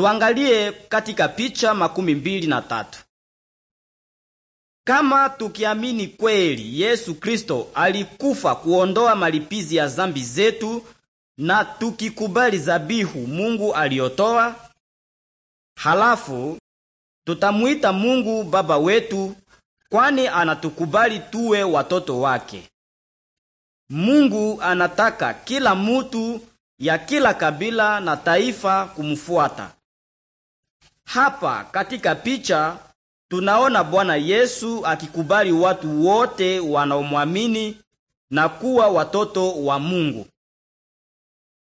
Tuangalie katika picha makumi mbili na tatu. Kama tukiamini kweli Yesu Kristo alikufa kuondoa malipizi ya zambi zetu na tukikubali zabihu Mungu aliyotoa, halafu tutamwita Mungu baba wetu, kwani anatukubali tuwe watoto wake. Mungu anataka kila mutu ya kila kabila na taifa kumfuata. Hapa katika picha tunaona Bwana Yesu akikubali watu wote wanaomwamini na kuwa watoto wa Mungu.